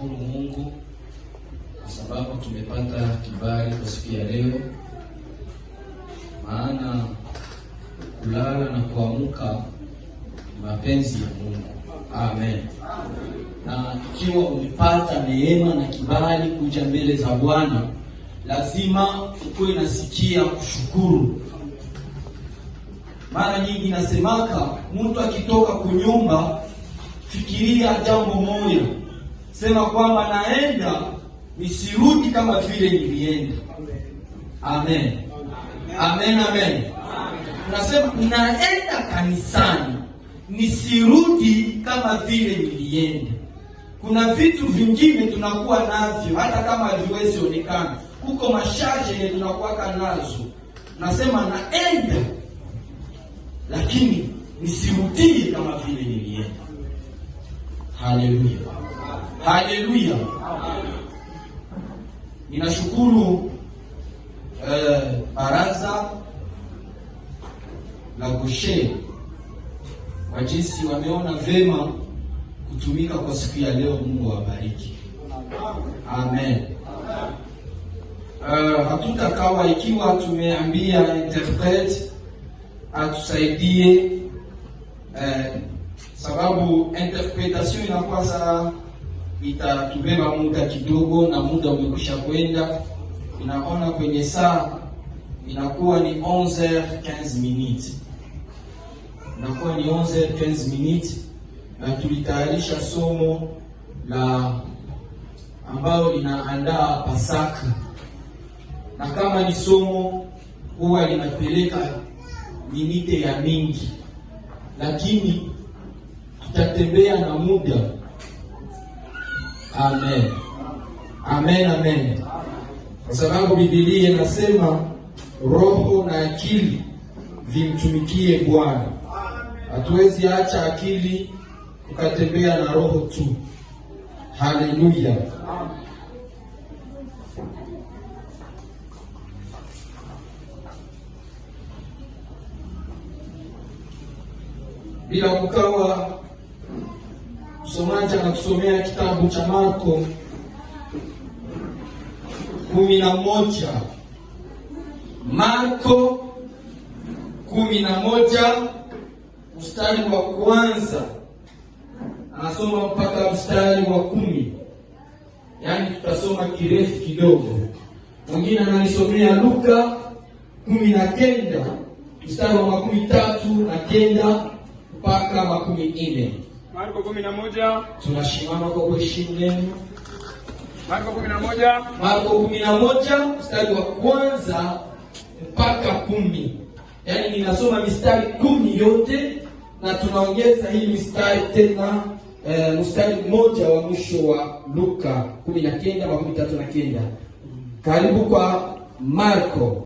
kumshukuru Mungu kwa sababu tumepata kibali kwa siku ya leo, maana kulala na kuamka mapenzi ya Mungu. Amen. Na ikiwa umepata neema na kibali kuja mbele za Bwana, lazima ukuwe nasikia kushukuru. Mara nyingi nasemaka mtu akitoka kunyumba, fikiria jambo moja sema kwamba naenda nisirudi kama vile nilienda. Amen, amen, amen. Nasema naenda kanisani nisirudi kama vile nilienda. Kuna vitu vingine tunakuwa navyo hata kama haviwezi onekana, huko masharti yenye tunakuwaka nazo. Nasema naenda lakini nisirudie kama vile nilienda. Haleluya. Haleluya, ninashukuru eh, baraza la Goshe kwa jinsi wameona vema kutumika kwa siku ya leo. Mungu awabariki. Amen. Uh, hatutakawa ikiwa tumeambia interpret atusaidie, eh, sababu interpretation inakuwa itatubeba muda kidogo, na muda umekwisha kwenda. Inaona kwenye saa inakuwa ni 11h15 minutes, inakuwa ni 11h15 minutes, na tulitayarisha somo la ambayo linaandaa Pasaka, na kama ni somo huwa linapeleka minite ya mingi, lakini tutatembea na muda Amen, amen, amen. Kwa sababu Biblia inasema roho na akili vimtumikie Bwana. Hatuwezi acha akili tukatembea na roho tu. Haleluya! bila kukawa Msomaji anakusomea kitabu cha Marko kumi na moja Marko kumi na moja mstari wa kwanza anasoma mpaka mstari wa kumi yaani tutasoma kirefu kidogo. Mwingine ananisomea Luka kumi na kenda mstari wa makumi tatu na kenda mpaka makumi nne. Marko 11 sura 21 kwa kuheshimu neno. Marko 11 Marko 11 mstari wa kwanza mpaka kumi. Yaani ninasoma mistari kumi yote na tunaongeza hii mistari tena e, mstari mmoja wa mwisho wa Luka 19:39. Karibu kwa Marko